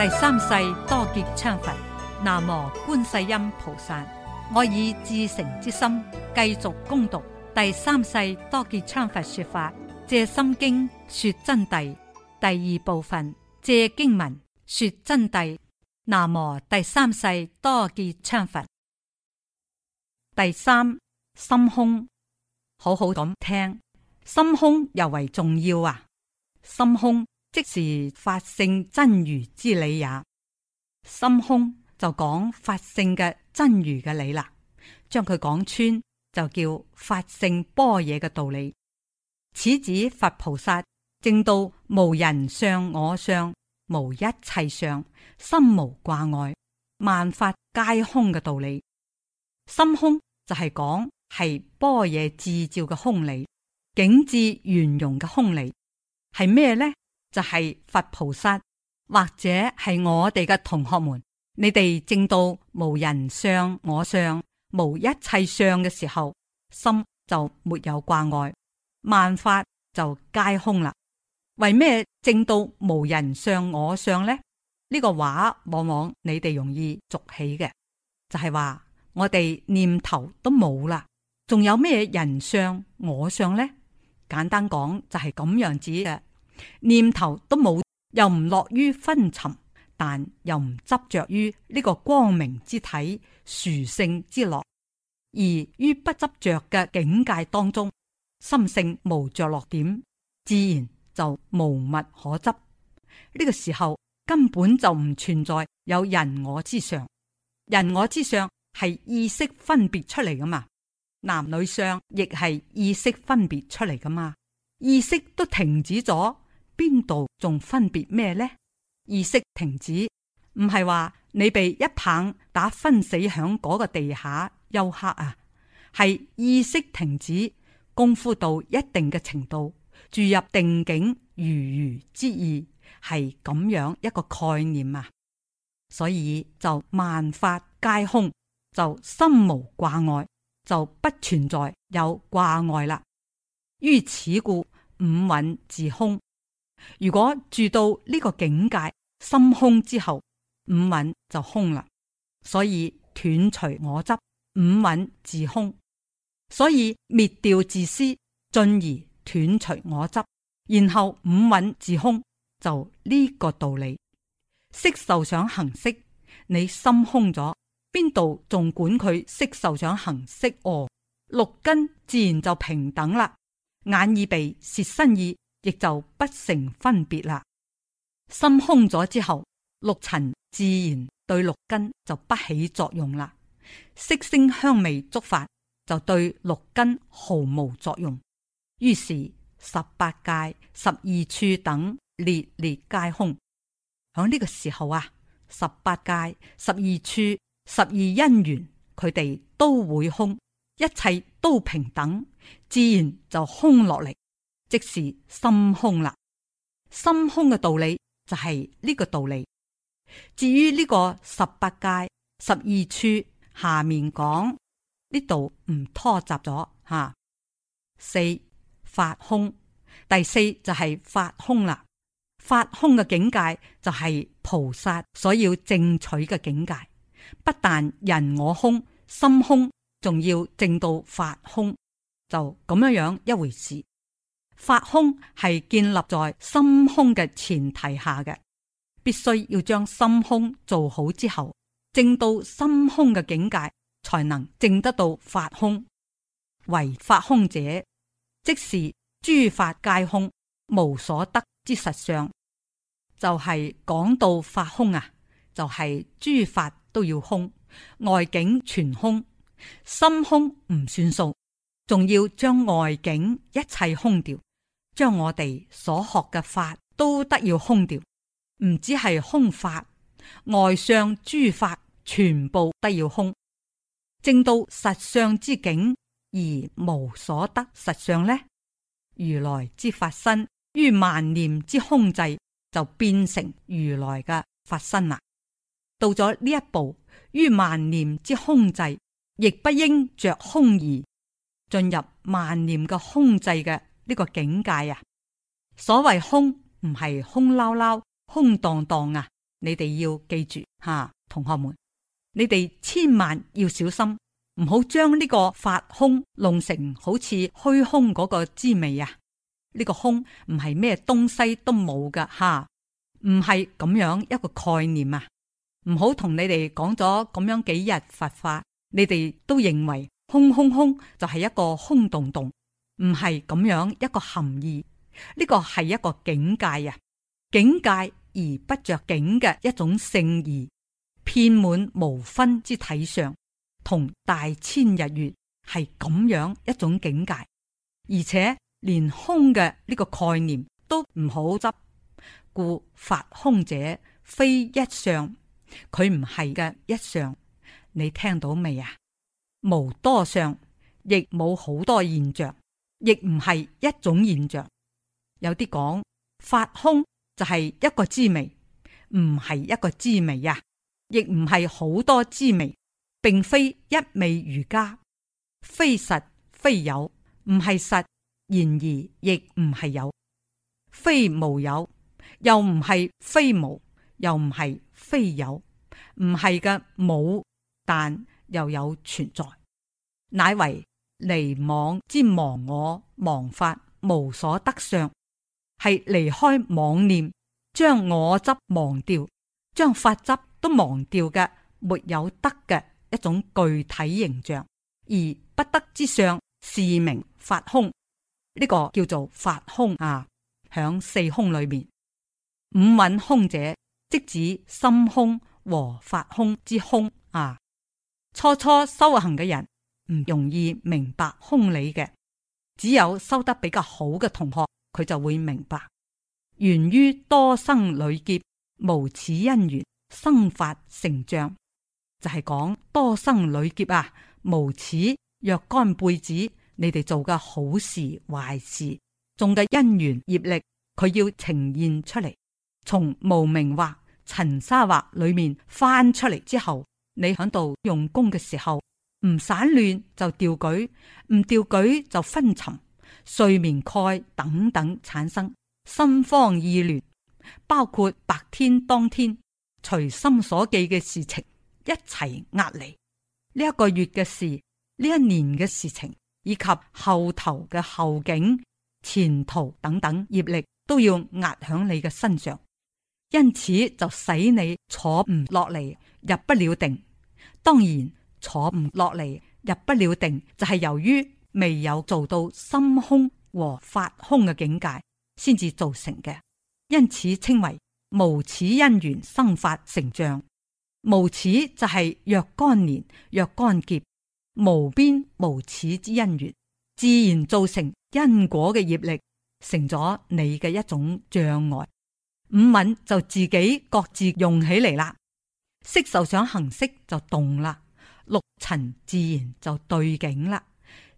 第三世多杰羌佛，南無觀世音菩薩。我以至誠之心繼續恭讀第三世多杰羌佛說法，藉心經說真諦第二部分，藉經文說真諦。南無第三世多杰羌佛。第三，心空，好好咁聽，心空尤為重要啊，心空。即是法性真如之理也，心空就講法性嘅真如嘅理啦，將佢講穿就叫法性般若嘅道理。此指佛菩薩正到無人相、我相、無一切相，心無掛礙，萬法皆空嘅道理。心空就係講係般若自照嘅空理，景致圓融嘅空理係咩呢？就係佛菩薩，或者係我哋嘅同學們，你哋正到無人相、我相、無一切相嘅時候，心就沒有掛礙，萬法就皆空啦。為咩正到無人相我相呢？呢、這個話往往你哋容易俗起嘅，就係、是、話我哋念頭都冇啦，仲有咩人相我相呢？簡單講就係、是、咁樣子嘅。念頭都冇，又唔落於昏沉，但又唔執着於呢個光明之體、殊勝之樂，而於不執着嘅境界當中，心性無着落點，自然就無物可執。呢個時候根本就唔存在有人我之相，人我之相係意識分別出嚟噶嘛？男女相亦係意識分別出嚟噶嘛？意識都停止咗。邊度仲分別咩呢？意識停止，唔係話你被一棒打昏死響嗰個地下休克啊，係意識停止，功夫到一定嘅程度，注入定境如如之意，係咁樣一個概念啊。所以就萬法皆空，就心無掛礙，就不存在有掛礙啦。於此故五蘊自空。如果住到呢個境界，心空之後，五蘊就空啦。所以斷除我執，五蘊自空。所以滅掉自私，進而斷除我執，然後五蘊自空，就呢個道理。色受想行識，你心空咗，邊度仲管佢色受想行識？哦，六根自然就平等啦。眼耳鼻舌身意。亦就不成分別啦。心空咗之後，六塵自然對六根就不起作用啦。色聲香味觸法就對六根毫無作用。於是十八界、十二處等列列皆空。喺呢個時候啊，十八界、十二處、十二因緣，佢哋都會空，一切都平等，自然就空落嚟。即是心空啦，心空嘅道理就係呢個道理。至於呢個十八界、十二處，下面講呢度唔拖雜咗吓。四法空，第四就係法空啦。法空嘅境界就係菩薩所要正取嘅境界，不但人我空、心空，仲要正到法空，就咁樣樣一回事。法空係建立在心空嘅前提下嘅，必須要將心空做好之後，證到心空嘅境界，才能證得到法空。為法空者，即是諸法皆空，無所得之實相。就係講到法空啊，就係諸法都要空，外境全空，心空唔算數，仲要將外境一切空掉。將我哋所學嘅法都得要空掉，唔止係空法，外相諸法全部得要空，證到實相之境而無所得。實相呢？如來之法身於萬念之空寂就變成如來嘅法身啦。到咗呢一步，於萬念之空寂，亦不應着空而進入萬念嘅空寂嘅。呢個境界啊，所謂空唔係空撈撈、空蕩蕩啊，你哋要記住吓、啊，同學們，你哋千萬要小心，唔好將呢個法空弄成好似虛空嗰個滋味啊！呢、這個空唔係咩東西都冇噶，吓、啊，唔係咁樣一個概念啊！唔好同你哋講咗咁樣幾日佛法，你哋都認為空空空就係一個空洞洞。唔係咁樣一個含義，呢個係一個境界啊！境界而不着境嘅一種聖義，遍滿無分之體上，同大千日月係咁樣一種境界，而且連空嘅呢個概念都唔好執，故發空者非一相，佢唔係嘅一相。你聽到未啊？無多相，亦冇好多現象。亦唔係一種現象，有啲講法空就係一個滋味，唔係一個滋味呀、啊。亦唔係好多滋味，並非一味如家，非實非有，唔係實，然而亦唔係有，非無有，又唔係非無，又唔係非有，唔係嘅冇，但又有存在，乃為。離妄之忘我、忘法，無所得相，係離開妄念，將我執忘掉，將法執都忘掉嘅，沒有得嘅一種具體形象。而不得之相，是名法空，呢個叫做法空啊。響四空裏面，五蘊空者，即指心空和法空之空啊。初初修行嘅人。唔容易明白空理嘅，只有修得比較好嘅同學，佢就會明白。源於多生累劫，無始因緣生發成像，就係講多生累劫啊，無始若干輩子，你哋做嘅好事壞事，種嘅因緣業力，佢要呈現出嚟，從無明惑塵沙惑裏面翻出嚟之後，你響度用功嘅時候。唔散亂就調舉，唔調舉就昏沉睡眠蓋等等產生心慌意亂，包括白天當天隨心所記嘅事情一齊壓嚟呢一個月嘅事，呢一年嘅事情以及後頭嘅後景、前途等等業力都要壓響你嘅身上，因此就使你坐唔落嚟，入不了定。當然。坐唔落嚟，入不了定，就係、是、由於未有做到心空和法空嘅境界，先至造成嘅。因此稱為無始因緣生發成像，無始就係若干年若干劫無邊無始之因緣，自然造成因果嘅業力，成咗你嘅一種障礙。五敏就自己各自用起嚟啦，識受想行識就動啦。六塵自然就對境啦，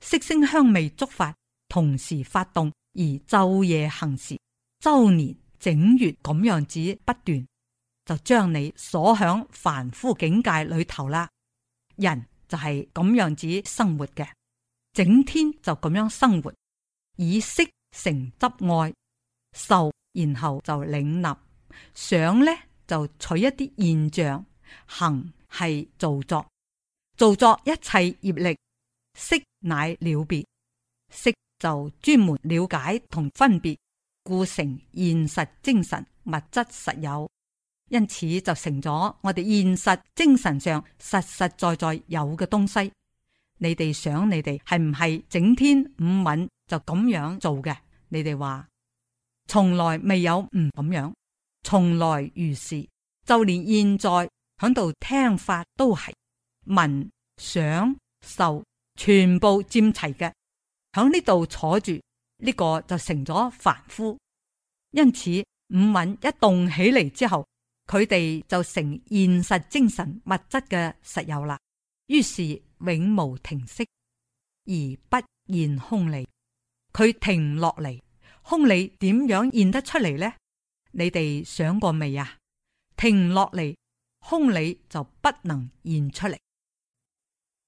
色聲香味觸法同時發動，而晝夜行時、周年整月咁樣子不斷，就將你鎖響凡夫境界裏頭啦。人就係咁樣子生活嘅，整天就咁樣生活，以色成執愛受，然後就領納想呢，就取一啲現象行係造作。做作一切業力，識乃了別，識就專門了解同分別，故成現實精神物質實有，因此就成咗我哋現實精神上實實在在有嘅東西。你哋想，你哋係唔係整天五蘊就咁樣做嘅？你哋話從來未有唔咁樣，從來如是，就連現在響度聽法都係。聞想受全部佔齊嘅，響呢度坐住呢、這個就成咗凡夫。因此五蘊一動起嚟之後，佢哋就成現實、精神物質、物質嘅實有啦。於是永無停息，而不現空理。佢停唔落嚟，空理點樣現得出嚟呢？你哋想過未呀？停唔落嚟，空理就不能現出嚟。